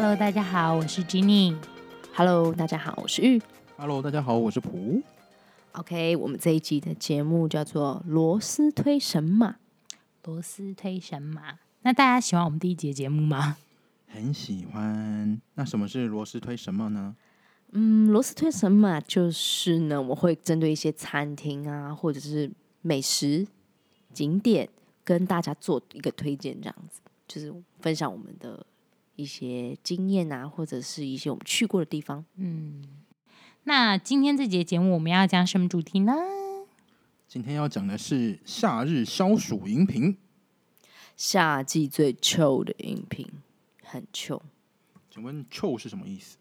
Hello，大家好，我是 Jenny。Hello，大家好，我是玉。Hello，大家好，我是普。OK，我們這一集的節目叫做“螺絲推神馬”。螺絲推神馬？那大家喜歡我們第一集的節目嗎？很喜歡。那什麼是螺絲推神馬呢？嗯，螺絲推神馬就是呢，我會針對一些餐廳啊，或者是美食景點，跟大家做一個推薦，這樣子就是分享我們的。一些經驗啊，或者是一些我們去過的地方。嗯，那今天這集節目我們要講什麼主題呢？今天要講的是夏日消暑飲品。夏季最 chill 的飲品，很 chill。請問 “chill” 是什麼意思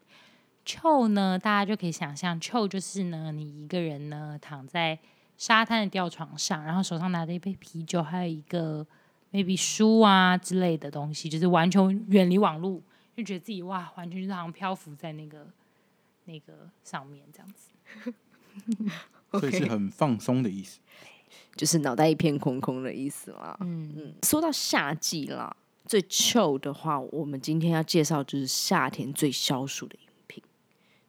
？“chill” 呢，大家就可以想象，“chill” 就是呢，你一個人呢躺在沙灘的吊床上，然後手上拿着一杯啤酒，還有一個。maybe 書啊之類的東西，就是完全遠離網絡，就覺得自己哇，完全就是好像漂浮在那個那個上面這樣子。 okay、所以是很放鬆的意思，就是腦袋一片空空的意思啦。嗯，說到夏季啦，最 chill 的話、嗯，我們今天要介紹就是夏天最消暑的飲品。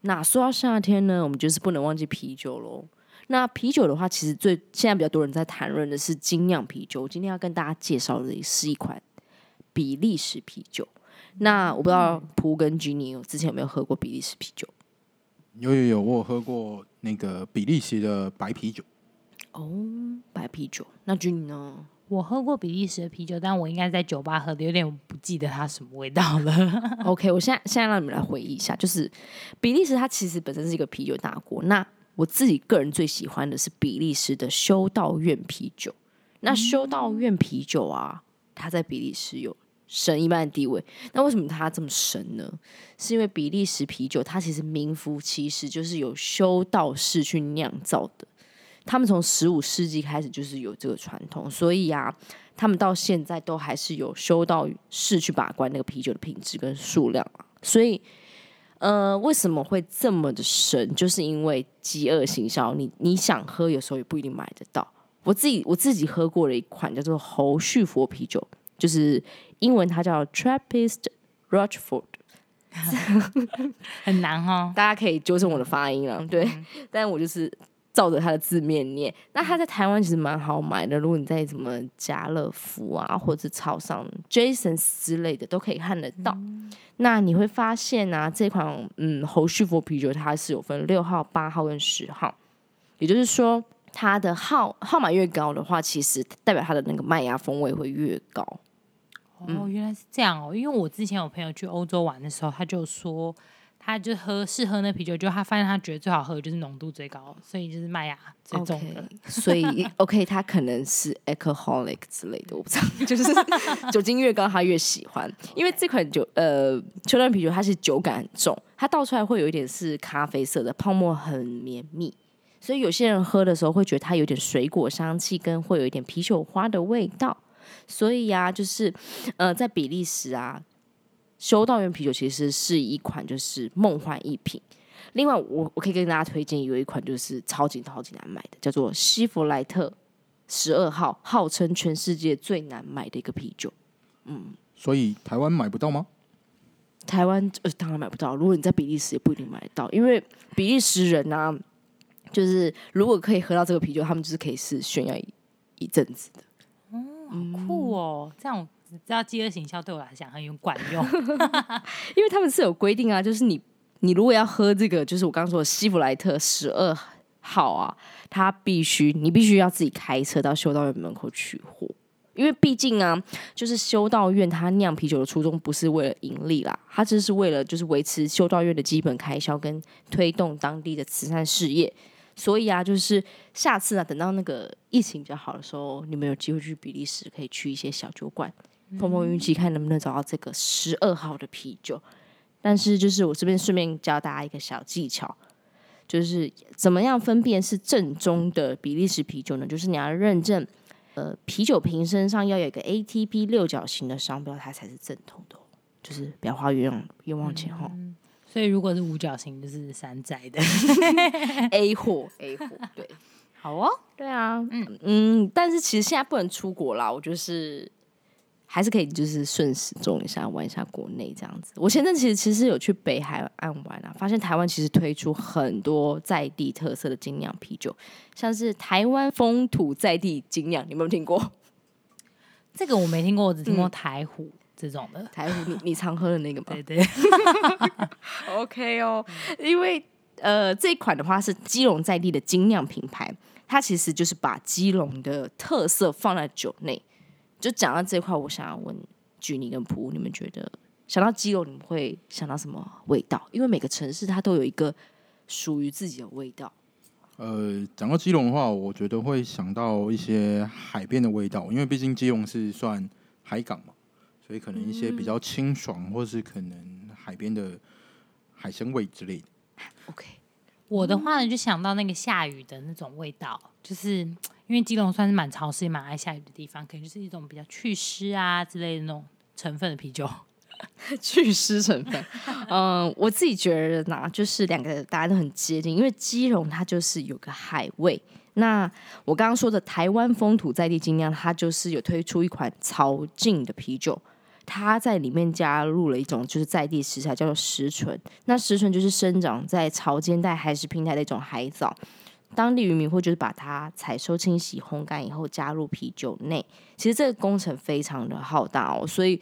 那說到夏天呢，我們就是不能忘記啤酒嘍。那啤酒的話，其實最現在比較多人在談論的是精釀啤酒。我今天要跟大家介紹的是一款比利時啤酒。嗯、那我不知道蒲跟君你有之前有沒有喝過比利時啤酒？有有有，我有喝過那個比利時的白啤酒。哦，白啤酒。那君你呢？我喝過比利時的啤酒，但我應該在酒吧喝的，有點不記得它什麼味道了。 OK，我現在現在讓你們來回憶一下，就是比利時它其實本身是一個啤酒大國。那我自己個人最喜歡的是比利時的修道院啤酒。那修道院啤酒啊，它在比利時有神一般的地位。那為什麼它這麼神呢？是因為比利時啤酒它其實名副其實，就是有修道士去釀造的。他們從十五世紀開始就是有這個傳統，所以呀啊，他們到現在都還是有修道士去把關那個啤酒的品質跟數量啊。所以。呃，為什麼會這麼的神？就是因為飢餓營銷，你你想喝有時候也不一定買得到。我自己我自己喝過了一款叫做猴旭佛啤酒，就是英文它叫 Trappist Rochefort， 很難哦，大家可以糾正我的發音啊。對、嗯，但我就是。照着他的字面念，那他在台灣其實蠻好買的。如果你在什麼家樂福啊，或者是超商、Jasons 之類的，都可以看得到。嗯、那你會發現呢、啊，這款嗯侯旭福啤酒它是有分六號、八號跟十號，也就是說它的號號碼越高的話，其實代表它的那個麥芽風味會越高。哦、嗯，原來是這樣哦。因為我之前有朋友去歐洲玩的時候，他就說。他就喝試喝那啤酒，就他發現他覺得最好喝的就是濃度最高，所以就是麥芽最重的。Okay, 所以 OK，他可能是 alcoholic 之類的，我不知道， 就是 酒精越高他越喜歡。Okay. 因為這款酒，呃，秋釀啤酒它是酒感很重，它倒出來會有一點是咖啡色的，泡沫很綿密，所以有些人喝的時候會覺得它有點水果香氣，跟會有一點啤酒花的味道。所以呀、啊，就是呃，在比利時啊。修道院啤酒其實是一款就是夢幻一瓶。另外我，我我可以跟大家推薦有一款就是超級超級難買的，叫做西弗萊特十二號，號稱全世界最難買的一個啤酒。嗯，所以台灣買不到嗎？台灣、呃、當然買不到。如果你在比利時也不一定買得到，因為比利時人吶、啊，就是如果可以喝到這個啤酒，他們就是可以是炫耀一陣子的。嗯，好酷哦，這樣。知道飢餓營銷對我來講很有管用， 因為他們是有規定啊，就是你你如果要喝這個，就是我剛說的西弗萊特十二號啊，他必須你必須要自己開車到修道院門口取貨，因為畢竟啊，就是修道院他釀啤酒的初衷不是為了盈利啦，他就是為了就是維持修道院的基本開銷跟推動當地的慈善事業，所以啊，就是下次啊，等到那個疫情比較好的時候，你們有機會去比利時，可以去一些小酒館。嗯、碰碰運氣，看能不能找到這個十二號的啤酒。但是，就是我這邊順便教大家一個小技巧，就是怎麼樣分辨是正宗的比利時啤酒呢？就是你要認證，呃，啤酒瓶身上要有一個 ATP 六角形的商標，它才是正統的、哦。就是不要花冤枉冤枉錢哈。所以，如果是五角形，就是山寨的 A 貨 A 貨。對， 好哦，對啊，嗯嗯。但是其實現在不能出國啦，我就是。還是可以，就是順時鐘一下玩一下國內這樣子。我前陣其實其實有去北海岸玩啊，發現台灣其實推出很多在地特色的精釀啤酒，像是台灣風土在地精釀，你有沒有聽過？這個我沒聽過， 我只聽過台虎這種的。嗯、台虎，你你常喝的那個嗎？ 對對。 OK 哦，因為呃，這一款的話是基隆在地的精釀品牌，它其實就是把基隆的特色放在酒內。就講到這塊，我想要問菊妮跟普，你們覺得想到基隆，你們會想到什麼味道？因為每個城市它都有一個屬於自己的味道。呃，講到基隆的話，我覺得會想到一些海邊的味道，因為畢竟基隆是算海港嘛，所以可能一些比較清爽，嗯，或是可能海邊的海鮮味之類的。OK。我的話呢，就想到那個下雨的那種味道，嗯、就是因為基隆算是蠻潮濕、蠻愛下雨的地方，可能就是一種比較去濕啊之類的那種成分的啤酒， 去濕成分。嗯、 呃，我自己覺得呢，就是兩個大家都很接近，因為基隆它就是有個海味。那我剛剛說的台灣風土在地精釀，它就是有推出一款潮境的啤酒。它在裡面加入了一種就是在地食材，叫做石蓴。那石蓴就是生長在潮間帶海蝕平台的一種海藻，當地漁民會就是把它採收、清洗、烘乾以後加入啤酒內。其實這個工程非常的浩大哦，所以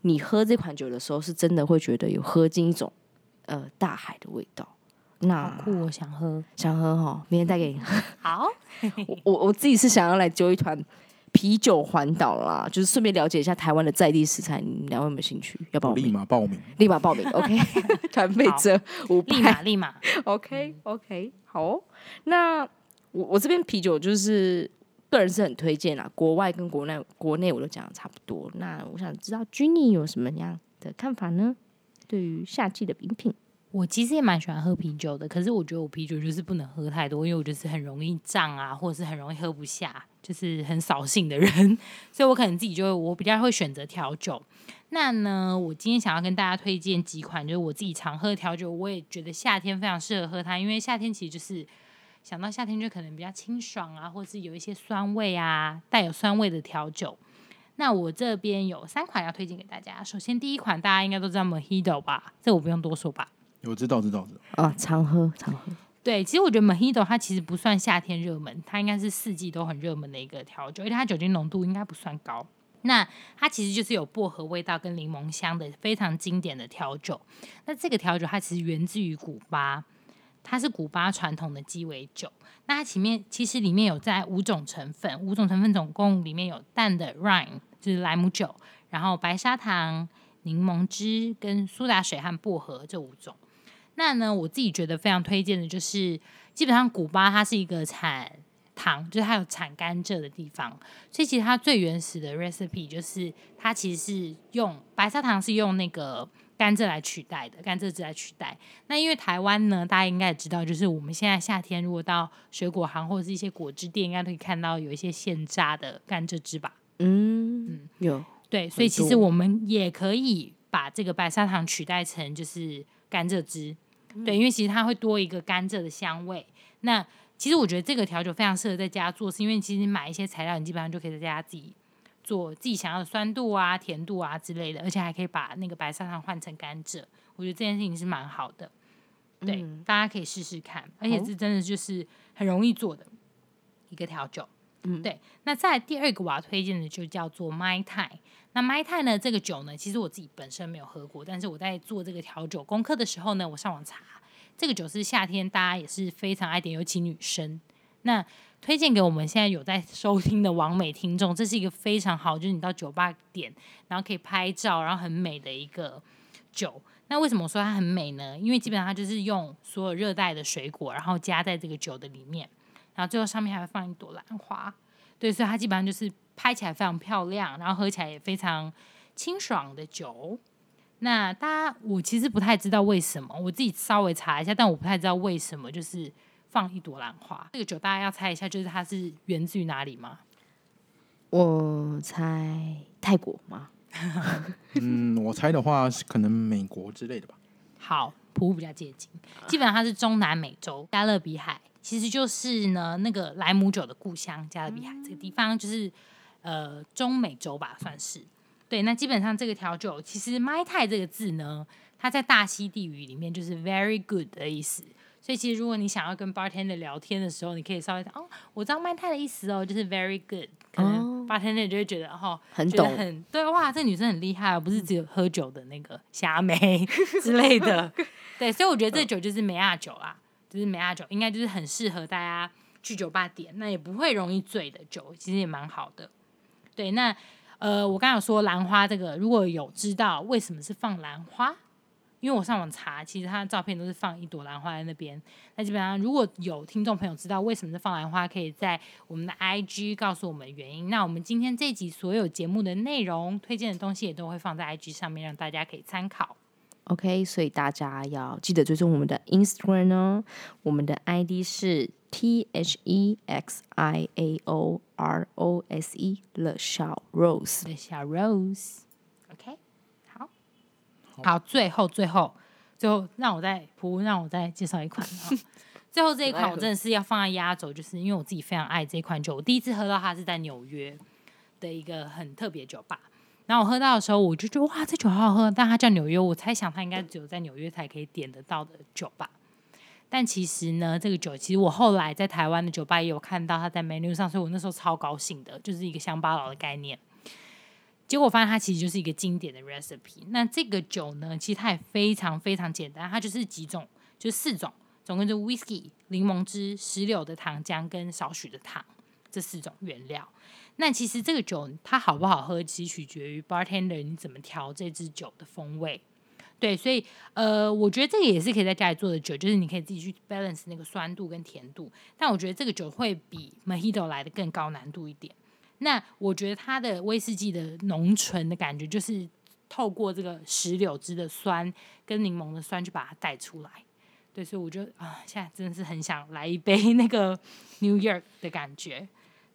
你喝這款酒的時候，是真的會覺得有喝進一種呃大海的味道。那、好酷哦、我想喝，想喝哈、哦，明天帶給你喝。好、哦， 我我我自己是想要來揪一團。啤酒環島啦，就是順便了解一下台灣的在地食材，你們兩位有沒有興趣？要不要？我立馬報名，立馬報名。OK，團費折五幣嘛，立馬 OK OK。好、哦，那我我這邊啤酒就是個人是很推薦啦，國外跟國內，國內我都講的差不多。那我想知道君妮有什麼樣的看法呢？對於夏季的飲品，品？我其實也蠻喜歡喝啤酒的，可是我覺得我啤酒就是不能喝太多，因為我就是很容易脹啊，或者是很容易喝不下，就是很掃興的人，所以我可能自己就我比較會選擇調酒。那呢，我今天想要跟大家推薦幾款，就是我自己常喝的調酒，我也覺得夏天非常適合喝它，因為夏天其實就是想到夏天就可能比較清爽啊，或是有一些酸味啊，帶有酸味的調酒。那我這邊有三款要推薦給大家，首先第一款大家應該都知道 Mojito 吧，這我不用多說吧。我知道，知道，知道。哦，常喝，常喝。對，其實我覺得 Mojito 它其實不算夏天熱門，它應該是四季都很熱門的一個調酒，因為它酒精濃度應該不算高。那它其實就是有薄荷味道跟檸檬香的非常經典的調酒。那這個調酒它其實源自於古巴，它是古巴傳統的雞尾酒。那它前面其實裡面有在五種成分，五種成分總共裡面有淡的 rine 就是萊姆酒，然後白砂糖、檸檬汁跟蘇打水和薄荷這五種。那呢，我自己覺得非常推薦的就是，基本上古巴它是一個產糖，就是它有產甘蔗的地方，所以其實它最原始的 recipe 就是它其實是用白砂糖是用那個甘蔗來取代的，甘蔗汁來取代。那因為台灣呢，大家應該也知道，就是我們現在夏天如果到水果行或是一些果汁店，應該都可以看到有一些現榨的甘蔗汁吧？嗯嗯，有對，所以其實我們也可以把這個白砂糖取代成就是甘蔗汁。對，因為其實它會多一個甘蔗的香味。那其實我覺得這個調酒非常適合在家做，是因為其實你買一些材料，你基本上就可以在家自己做自己想要的酸度啊、甜度啊之類的，而且還可以把那個白砂糖換成甘蔗，我覺得這件事情是蠻好的。對，嗯、大家可以試試看，而且這真的就是很容易做的一個調酒。嗯，對。那再第二個我要推薦的就叫做 Mai Tai。那麥泰呢？這個酒呢，其實我自己本身沒有喝過，但是我在做這個調酒功課的時候呢，我上網查，這個酒是夏天大家也是非常愛點，尤其女生。那推薦給我們現在有在收聽的網美聽眾，這是一個非常好，就是你到酒吧點，然後可以拍照，然後很美的一個酒。那為什麼說它很美呢？因為基本上它就是用所有熱帶的水果，然後加在這個酒的裡面，然後最後上面還會放一朵蘭花。對，所以它基本上就是拍起來非常漂亮，然後喝起來也非常清爽的酒。那大家，我其實不太知道為什麼，我自己稍微查一下，但我不太知道為什麼就是放一朵蘭花。這個酒大家要猜一下，就是它是源自於哪裡嗎？我猜泰國嗎？ 嗯，我猜的話是可能美國之類的吧。好，普普比較接近，基本上它是中南美洲加勒比海。其實就是呢，那個萊姆酒的故鄉加勒比海這個地方，嗯、就是呃中美洲吧，算是對。那基本上這個調酒，其實 Mai Tai 這個字呢，它在大溪地語裡面就是 “very good” 的意思。所以其實如果你想要跟 bartender 聊天的時候，你可以稍微哦，我知道 Mai Tai 的意思哦，就是 “very good”。可能 bartender 就會覺得哦，哦覺得很，很懂，很對。哇，這個、女生很厲害，不是只有喝酒的那個蝦妹之類的。 對，所以我覺得這酒就是美亞酒啦。就是美亞酒，應該就是很適合大家去酒吧點，那也不會容易醉的酒，其實也蠻好的。對，那呃，我剛有說蘭花這個，如果有知道為什麼是放蘭花，因為我上網查，其實它的照片都是放一朵蘭花在那邊。那基本上如果有聽眾朋友知道為什麼是放蘭花，可以在我們的 IG 告訴我們原因。那我們今天這一集所有節目的內容、推薦的東西也都會放在 IG 上面，讓大家可以參考。OK，所以大家要記得追蹤我們的 Instagram 哦，我們的 ID 是 T H E X I A O R O S E，樂小 Rose，樂小 Rose。Rose. OK，好，好，好，最後，最後，最後，讓我再，讓我再介紹一款， 最後這一款我真的是要放在壓軸，就是因為我自己非常愛這款酒，我第一次喝到它是在紐約的一個很特別的酒吧。然後我喝到的時候，我就覺得哇，這酒好好喝！但它叫紐約，我猜想它應該只有在紐約才可以點得到的酒吧。但其實呢，這個酒其實我後來在臺灣的酒吧也有看到它在 menu 上，所以我那時候超高興的，就是一個鄉巴佬的概念。結果我發現它其實就是一個經典的 recipe。那這個酒呢，其實它也非常非常簡單，它就是幾種，就是四種，總共就是 whisky、檸檬汁、石榴的糖漿跟少許的糖，這四種原料。那其實這個酒它好不好喝，其實取決於 bartender 你怎麼調這支酒的風味。對，所以呃，我覺得這個也是可以在家裡做的酒，就是你可以自己去 balance 那個酸度跟甜度。但我覺得這個酒會比 Mojito 來的更高難度一點。那我覺得它的威士忌的濃醇的感覺，就是透過這個石榴汁的酸跟檸檬的酸去把它帶出來。對，所以我就啊，現在真的是很想來一杯那個 New York 的感覺。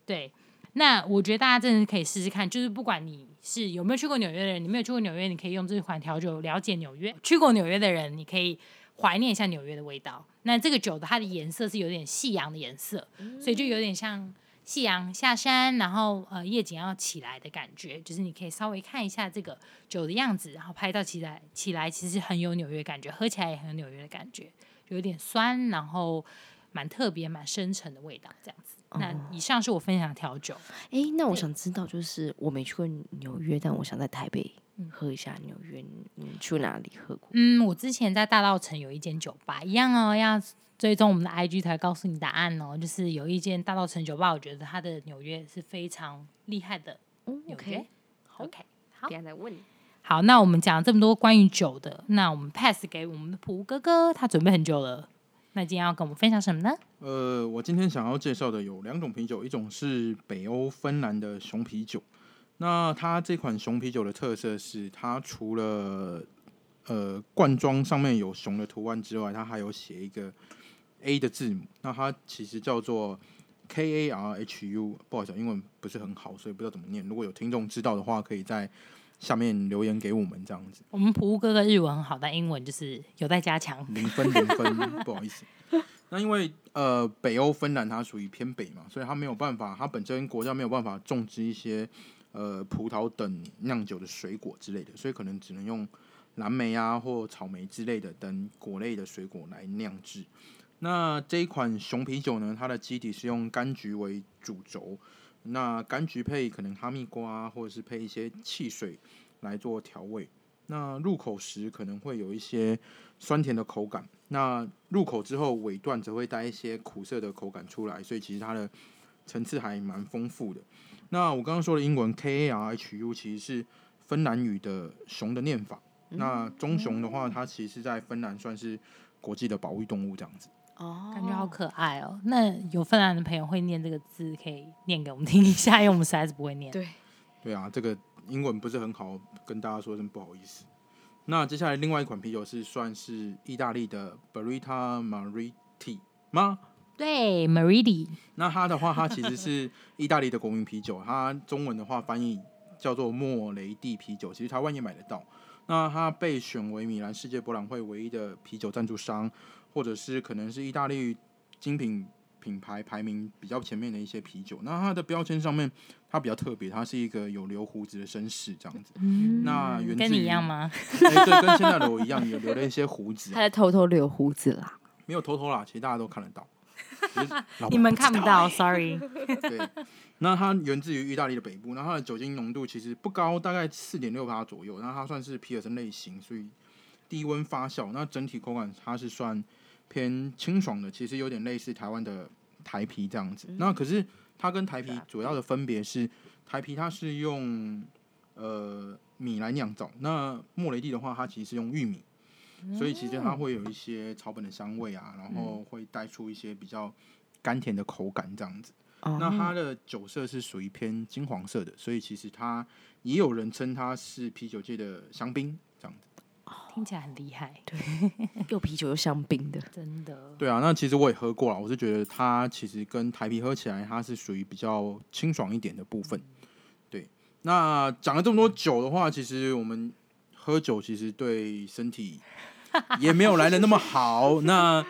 對。那我覺得大家真的可以試試看，就是不管你是有沒有去過紐約的人，你沒有去過紐約，你可以用這款調酒了解紐約；去過紐約的人，你可以懷念一下紐約的味道。那這個酒的它的顏色是有點夕陽的顏色，所以就有點像夕陽下山，然後呃夜景要起來的感覺。就是你可以稍微看一下這個酒的樣子，然後拍照起來，起來其實很有紐約感覺，喝起來也很有紐約的感覺，有點酸，然後蠻特別、蠻深沉的味道，這樣子。Uh, 那以上是我分享調酒。誒、欸，那我想知道，就是我沒去過紐約，但我想在台北喝一下紐約，嗯、你去哪裡喝過？嗯，我之前在大稻埕有一間酒吧，一樣哦，一樣要追蹤我們的 IG 才告訴你答案哦。就是有一間大稻埕酒吧，我覺得它的紐約是非常厲害的。Oh, OK，OK，、okay. okay, okay, 好，等下再問你。好，那我們講這麼多關於酒的，那我們 pass 給我們的蒲哥哥，他準備很久了。那今天要跟我們分享什麼呢？呃，我今天想要介紹的有兩種啤酒，一種是北歐芬蘭的熊啤酒。那它這款熊啤酒的特色是，它除了呃罐裝上面有熊的圖案之外，它還有寫一個 A 的字母。那它其實叫做 K A R H U，不好意思，英文不是很好，所以不知道怎麼念。如果有聽眾知道的話，可以在。下面留言給我們這樣子。我們普哥哥日文很好，但英文就是有待加強。零分零分，不好意思。那因為呃，北歐芬蘭它屬於偏北嘛，所以它沒有辦法，它本身國家沒有辦法種植一些呃葡萄等釀酒的水果之類的，所以可能只能用藍莓啊或草莓之類的等果類的水果來釀製。那這一款熊啤酒呢，它的基底是用柑橘為主軸。那柑橘配可能哈密瓜，或者是配一些汽水來做調味。那入口時可能會有一些酸甜的口感，那入口之後尾段則會帶一些苦澀的口感出來，所以其實它的層次還蠻豐富的。那我剛剛說的英文 K A R H U 其實是芬蘭語的熊的念法。那棕熊的話，它其實在芬蘭算是國際的保育動物這樣子。哦，感覺好可愛哦、喔。那有芬蘭的朋友會念這個字，可以念給我們聽一下，因為我們實在是不會念。對，對啊，這個英文不是很好，跟大家說聲不好意思。那接下來另外一款啤酒是算是意大利的 Birra Moretti 嗎？對，Moretti。那它的話，它其實是意大利的國民啤酒，它 中文的話翻譯叫做莫雷蒂啤酒。其實台灣也買得到。那它被選為米蘭世界博覽會唯一的啤酒贊助商。或者是可能是意大利精品品牌排名比較前面的一些啤酒，那它的標籤上面它比較特別，它是一個有留鬍子的紳士這樣子。嗯、那原跟你一樣嗎？欸、對，跟現在的我一樣，也留了一些鬍子、啊。他在偷偷留鬍子啦？沒有偷偷啦，其實大家都看得到。欸、你們看不到，sorry。 對。那它源自於意大利的北部，那它的酒精濃度其實不高，大概四點六趴左右，那它算是皮爾森類型，所以低溫發酵，那整體口感它是算。偏清爽的，其實有點類似台灣的台啤這樣子。那可是它跟台啤主要的分別是，台啤它是用呃米來釀造，那莫雷蒂的話，它其實是用玉米，所以其實它會有一些草本的香味啊，然後會帶出一些比較甘甜的口感這樣子。那它的酒色是屬於偏金黃色的，所以其實它也有人稱它是啤酒界的香檳這樣子。聽起來很厲害，對，又啤酒又香檳的， 真的。對啊，那其實我也喝過了，我是覺得它其實跟台啤喝起來，它是屬於比較清爽一點的部分。嗯、對，那講了這麼多酒的話，其實我們喝酒其實對身體也沒有來的那麼好。 那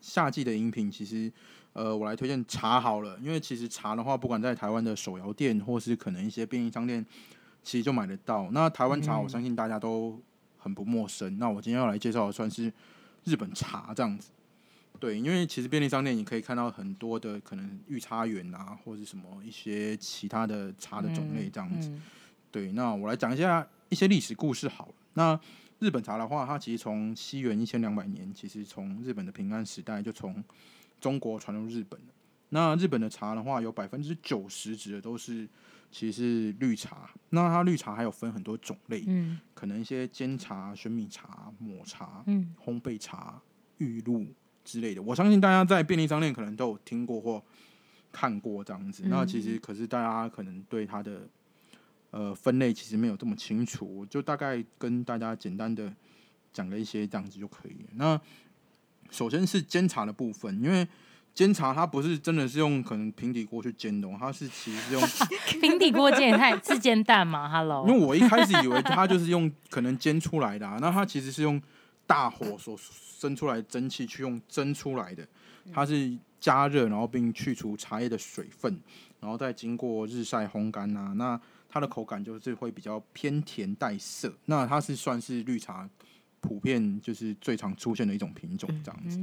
夏季的飲品，其實呃，我來推薦茶好了，因為其實茶的話，不管在台灣的手搖店，或是可能一些便利商店，其實就買得到。那台灣茶，我相信大家都、嗯。很不陌生。那我今天要來介紹的算是日本茶這樣子，對，因為其實便利商店你可以看到很多的可能御茶園啊，或是什麼一些其他的茶的種類這樣子。嗯嗯、對，那我來講一下一些歷史故事好了。那日本茶的話，它其實從西元一千兩百年，其實從日本的平安時代就從中國傳入日本。那日本的茶的話，有百分之九十指的都是其實是綠茶。那它綠茶還有分很多種類。嗯。可能一些煎茶、玄米茶、抹茶、嗯、烘焙茶、玉露之類的，我相信大家在便利商店可能都有聽過或看過這樣子。那其實可是大家可能對它的呃分類其實沒有這麼清楚，就大概跟大家簡單的講了一些這樣子就可以了。那首先是煎茶的部分，因為。煎茶它不是真的是用可能平底鍋去煎的哦，它是其實是用 平底鍋煎，它是煎蛋嘛，哈 e 因為我一開始以為它就是用可能煎出來的，啊，那它其實是用大火所生出來的蒸汽去用蒸出來的，它是加熱，然後並去除茶葉的水分，然後再經過日曬烘乾。那它的口感就是會比較偏甜帶澀，那它是算是綠茶。普遍就是最常出現的一種品種，這樣子。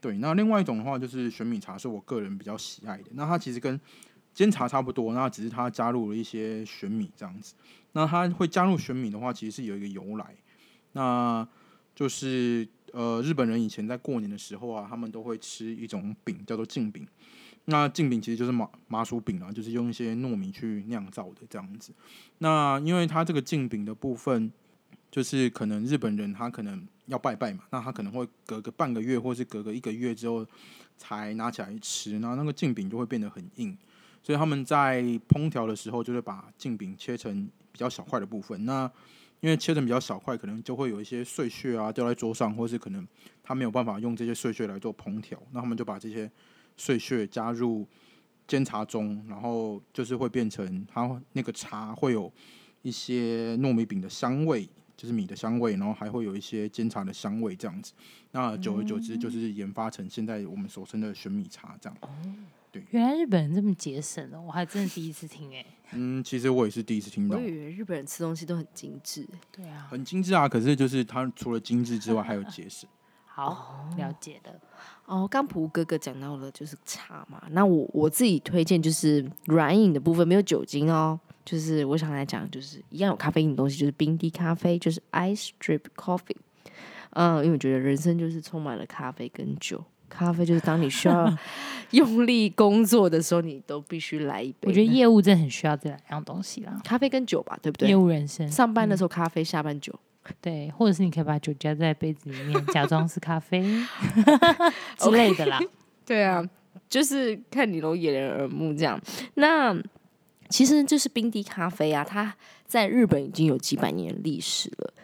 對，那另外一種的話就是玄米茶，是我個人比較喜愛的。那它其實跟煎茶差不多，那只是它加入了一些玄米這樣子。那它會加入玄米的話，其實是有一個由來，那就是呃，日本人以前在過年的時候啊，他們都會吃一種餅叫做鏡餅。那鏡餅其實就是麻麻薯餅啊，就是用一些糯米去釀造的這樣子。那因為它這個鏡餅的部分。就是可能日本人他可能要拜拜嘛，那他可能會隔個半個月或是隔個一個月之後才拿起來吃，那那個鏡餅就會變得很硬，所以他們在烹調的時候，就會把鏡餅切成比較小塊的部分。那因為切成比較小塊，可能就會有一些碎屑啊掉在桌上，或是可能他沒有辦法用這些碎屑來做烹調，那他們就把這些碎屑加入煎茶中，然後就是會變成他那個茶會有一些糯米餅的香味。就是米的香味，然後還會有一些煎茶的香味這樣子。那久而久之，就是研發成現在我們所稱的玄米茶這樣。哦、嗯，原來日本人這麼節省哦。我還真的第一次聽哎、欸。嗯，其實我也是第一次聽到。我以為日本人吃東西都很精緻，對啊，很精緻啊。可是就是他除了精緻之外，還有節省。 好、哦，了解的。哦，剛普哥哥講到了就是茶嘛，那我我自己推薦就是軟飲的部分，沒有酒精哦。就是我想來講，就是一樣有咖啡因的東西，就是冰滴咖啡，就是 ice drip coffee。嗯，因為我覺得人生就是充滿了咖啡跟酒，咖啡就是當你需要用力工作的時候， 你都必須來一杯。我覺得業務真的很需要這兩樣東西啦，咖啡跟酒吧，對不對？業務人生，上班的時候咖啡，嗯，下班酒，對，或者是你可以把酒加在杯子裡面， 假裝是咖啡 之類的啦。Okay, 對啊，就是看你都掩人耳目這樣。那。其實就是冰滴咖啡啊，它在日本已經有幾百年的歷史了。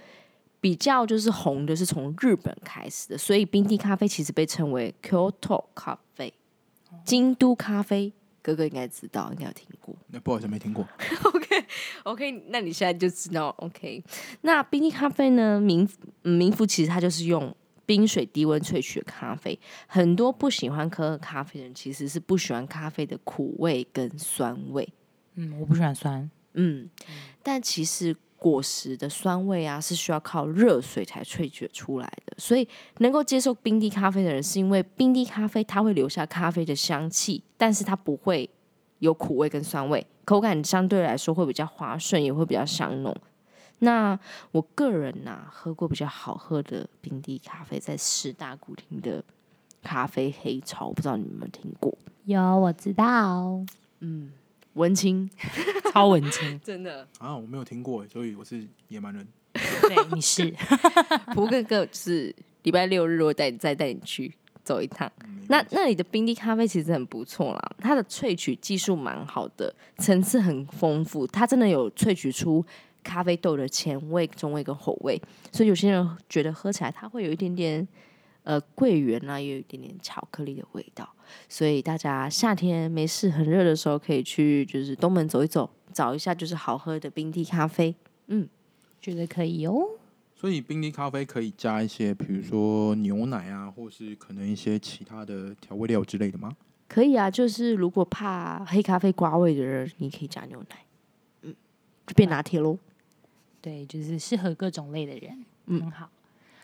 比較就是紅的，是從日本開始的，所以冰滴咖啡其實被稱為 Kyoto 咖啡，京都咖啡。哥哥應該知道，應該有聽過。那不好意思，我沒聽過。 OK OK，那你現在就知道 OK。那冰滴咖啡呢，名名副其實，它就是用冰水低溫萃取的咖啡。很多不喜歡喝咖啡的人，其實是不喜歡咖啡的苦味跟酸味。嗯，我不喜歡酸。嗯，但其實果實的酸味啊，是需要靠熱水才萃取出來的。所以能夠接受冰滴咖啡的人，是因為冰滴咖啡它會留下咖啡的香氣，但是它不會有苦味跟酸味，口感相對來說會比較滑順，也會比較香濃。那我個人吶、啊，喝過比較好喝的冰滴咖啡，在十大古亭的咖啡黑潮，不知道你們有沒有聽過？有，我知道、哦。嗯。文青，超文青， 真的啊！我沒有聽過，所以我是野蠻人。 對，你是。 不過，哥哥是禮拜六日我帶你，我帶再帶你去走一趟。嗯、那那裡的冰滴咖啡其實很不錯啦，它的萃取技術蠻好的，層次很豐富，它真的有萃取出咖啡豆的前味、中味跟後味，所以有些人覺得喝起來它會有一點點。呃，桂圓啦、啊，也有一點點巧克力的味道，所以大家夏天沒事很熱的時候，可以去就是東門走一走，找一下就是好喝的冰滴咖啡。嗯，覺得可以哦。所以冰滴咖啡可以加一些，比如說牛奶啊，或是可能一些其他的調味料之類的嗎？可以啊，就是如果怕黑咖啡寡味的人，你可以加牛奶，嗯，就變拿鐵嘍。對，就是適合各種類的人，嗯，好。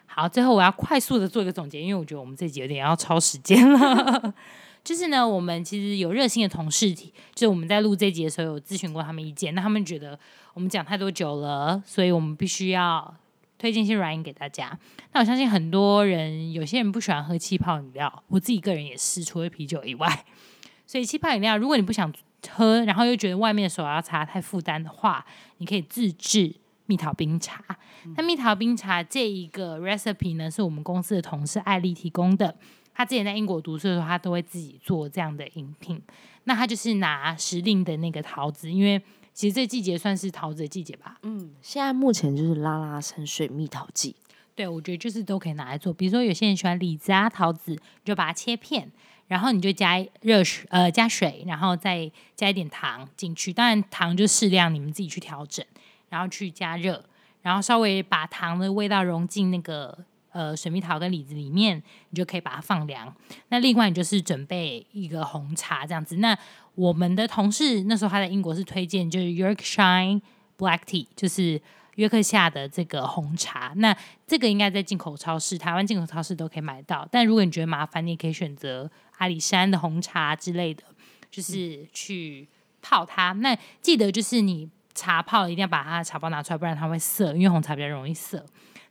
好，最後我要快速的做一個總結，因為我覺得我們這集有點要超時間了。 就是呢，我們其實有熱心的同事，就是我們在錄這集的時候有諮詢過他們意見，那他們覺得我們講太多酒了，所以我們必須要推薦一些軟飲給大家。那我相信很多人，有些人不喜歡喝氣泡飲料，我自己個人也是，除了啤酒以外。所以氣泡飲料，如果你不想喝，然後又覺得外面的手搖茶太負擔的話，你可以自製。蜜桃冰茶，那蜜桃冰茶這一個 recipe 呢，是我們公司的同事艾麗提供的。她之前在英國讀書的時候，她都會自己做這樣的飲品。那她就是拿時令的那個桃子，因為其實這季節算是桃子的季節吧。嗯，現在目前就是拉拉山水蜜桃季。對，我覺得就是都可以拿來做。比如說有些人喜歡李子啊、桃子，你就把它切片，然後你就加熱水，呃，加水，然後再加一點糖進去。當然糖就適量，你們自己去調整。然後去加熱，然後稍微把糖的味道融進那個呃、水蜜桃跟李子裡面，你就可以把它放涼。那另外，你就是準備一個紅茶這樣子。那我們的同事那時候他在英國是推薦就是 Yorkshire Black Tea，就是約克夏的這個紅茶。那這個應該在進口超市，台灣進口超市都可以買到。但如果你覺得麻煩，你可以選擇阿里山的紅茶之類的，就是去泡它。嗯。那記得就是你。茶泡一定要把它茶包拿出來，不然它會澀，因為紅茶比較容易澀。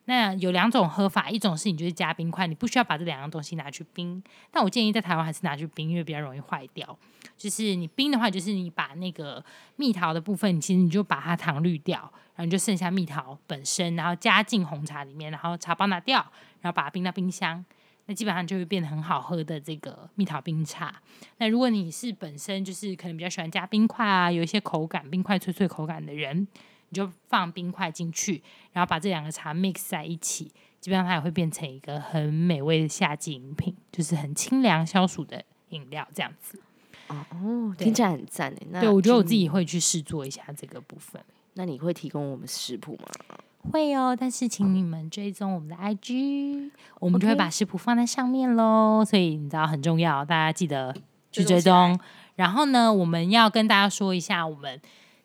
那有兩種喝法，一種是你就是加冰塊，你不需要把這兩樣東西拿去冰。但我建議在台灣還是拿去冰，因為比較容易壞掉。就是你冰的話，就是你把那個蜜桃的部分，其實你就把它糖濾掉，然後你就剩下蜜桃本身，然後加進紅茶裡面，然後茶包拿掉，然後把它冰到冰箱。那基本上就會變得很好喝的這個蜜桃冰茶。那如果你是本身就是可能比較喜歡加冰塊啊，有一些口感，冰塊脆脆口感的人，你就放冰塊進去，然後把這兩個茶 mix 在一起，基本上它也會變成一個很美味的夏季飲品，就是很清涼消暑的飲料這樣子。哦、oh, oh, 聽起來很讚欸。那對，我覺得我自己會去試做一下這個部分。那你會提供我們食譜嗎？會哦，但是請你們追蹤我們的 IG，我們就會把食譜放在上面嘍，okay。所以你知道很重要，大家記得去追蹤，追蹤。然後呢，我們要跟大家說一下，我們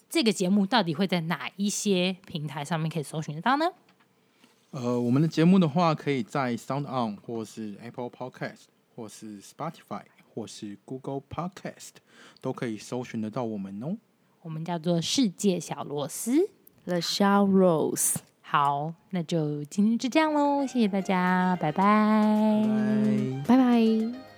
這個節目到底會在哪一些平台上面可以搜尋得到呢？呃，我們的節目的話，可以在 Sound On，或是 Apple Podcast，或是 Spotify，或是 Google Podcast，都可以搜尋得到我們哦。我們叫做世界小螺絲，The Xiao Rose。好，那就今天就這樣嘍，謝謝大家，拜拜，拜拜。